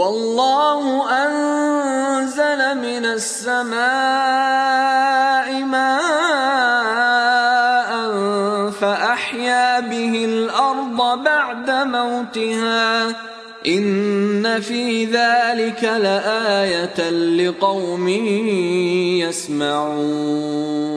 والله أنزل من السماء ماء فأحيا به الأرض بعد موتها إن في ذلك لآية لقوم يسمعون